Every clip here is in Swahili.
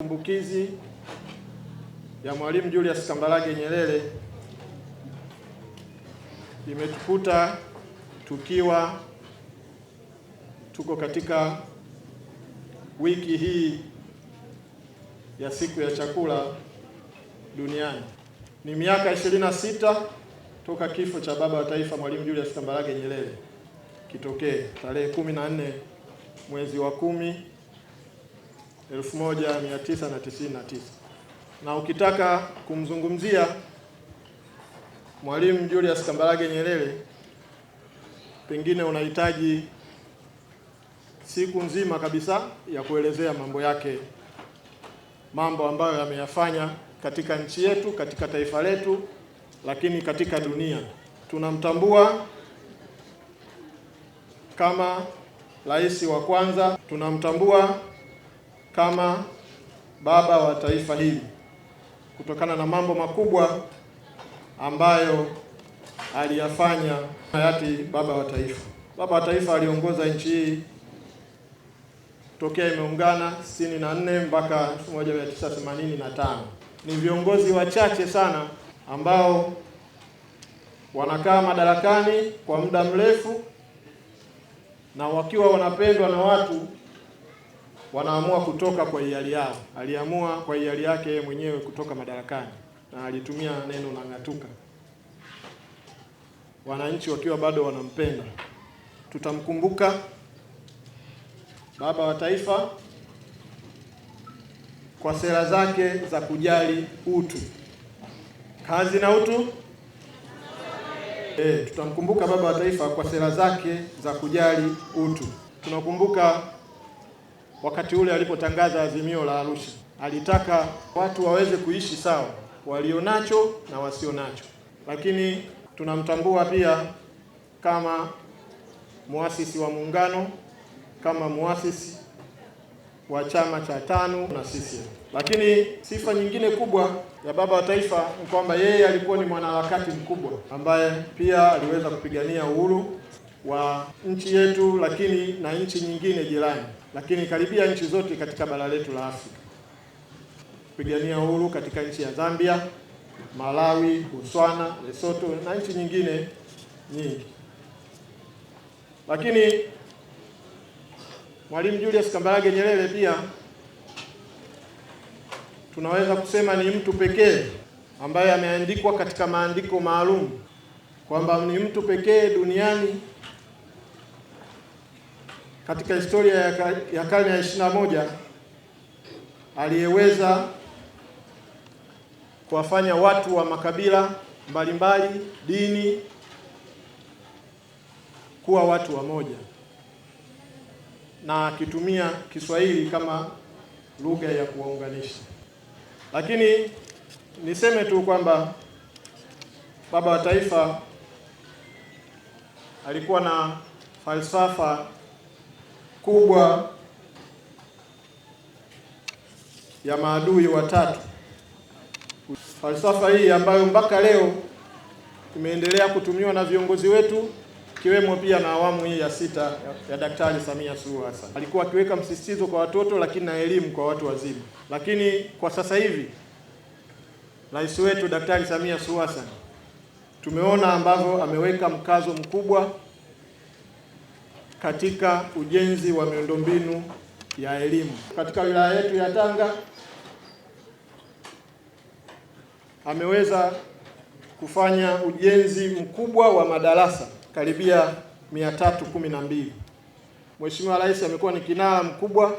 Kumbukizi ya Mwalimu Julius Kambarage Nyerere imetukuta tukiwa tuko katika wiki hii ya siku ya chakula duniani. Ni miaka 26 toka kifo cha baba wa taifa Mwalimu Julius Kambarage Nyerere kitokee tarehe 14 mwezi wa kumi 1999. Na ukitaka kumzungumzia Mwalimu Julius Kambarage Nyerere, pengine unahitaji siku nzima kabisa ya kuelezea mambo yake, mambo ambayo yameyafanya katika nchi yetu, katika taifa letu, lakini katika dunia. Tunamtambua kama rais wa kwanza, tunamtambua kama baba wa taifa hili kutokana na mambo makubwa ambayo aliyafanya hayati baba wa taifa. Baba wa taifa aliongoza nchi hii tokea imeungana 64 mpaka 1985. Ni viongozi wachache sana ambao wanakaa madarakani kwa muda mrefu na wakiwa wanapendwa na watu wanaamua kutoka kwa hiari yao. Aliamua kwa hiari yake yeye mwenyewe kutoka madarakani, na alitumia neno na ng'atuka, wananchi wakiwa bado wanampenda. Tutamkumbuka baba wa taifa kwa sera zake za kujali utu, kazi na utu. E, tutamkumbuka baba wa taifa kwa sera zake za kujali utu. Tunakumbuka wakati ule alipotangaza azimio la Arusha. Alitaka watu waweze kuishi sawa, walionacho na wasionacho, lakini tunamtambua pia kama muasisi wa Muungano, kama muasisi wa chama cha tano na sisi. Lakini sifa nyingine kubwa ya baba wa taifa ni kwamba yeye alikuwa ni mwanaharakati mkubwa ambaye pia aliweza kupigania uhuru wa nchi yetu, lakini na nchi nyingine jirani lakini karibia nchi zote katika bara letu la Afrika, kupigania uhuru katika nchi ya Zambia, Malawi, Botswana, Lesotho na nchi nyingine nyingi. Lakini Mwalimu Julius Kambarage Nyerere pia tunaweza kusema ni mtu pekee ambaye ameandikwa katika maandiko maalum kwamba ni mtu pekee duniani katika historia ya karne ya 21 aliyeweza kuwafanya watu wa makabila mbalimbali, dini kuwa watu wamoja na akitumia Kiswahili kama lugha ya kuwaunganisha. Lakini niseme tu kwamba baba wa taifa alikuwa na falsafa kubwa ya maadui watatu. Falsafa hii ambayo mpaka leo imeendelea kutumiwa na viongozi wetu ikiwemo pia na awamu hii ya sita ya, Daktari Samia Suluhu Hassan. Alikuwa akiweka msisitizo kwa watoto, lakini na elimu kwa watu wazima. Lakini kwa sasa hivi rais wetu Daktari Samia Suluhu Hassan tumeona ambavyo ameweka mkazo mkubwa katika ujenzi wa miundombinu ya elimu katika wilaya yetu ya Tanga. Ameweza kufanya ujenzi mkubwa wa madarasa karibia 312. Mheshimiwa Rais amekuwa ni kinara mkubwa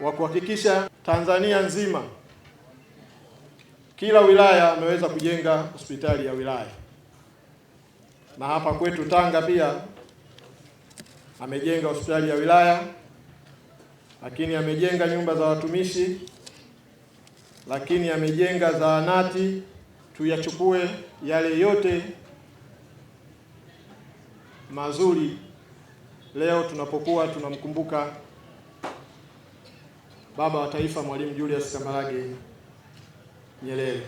wa kuhakikisha Tanzania nzima kila wilaya ameweza kujenga hospitali ya wilaya, na hapa kwetu Tanga pia amejenga hospitali ya wilaya, lakini amejenga nyumba za watumishi, lakini amejenga zahanati. Tuyachukue yale yote mazuri leo tunapokuwa tunamkumbuka baba wa taifa Mwalimu Julius Kambarage Nyerere.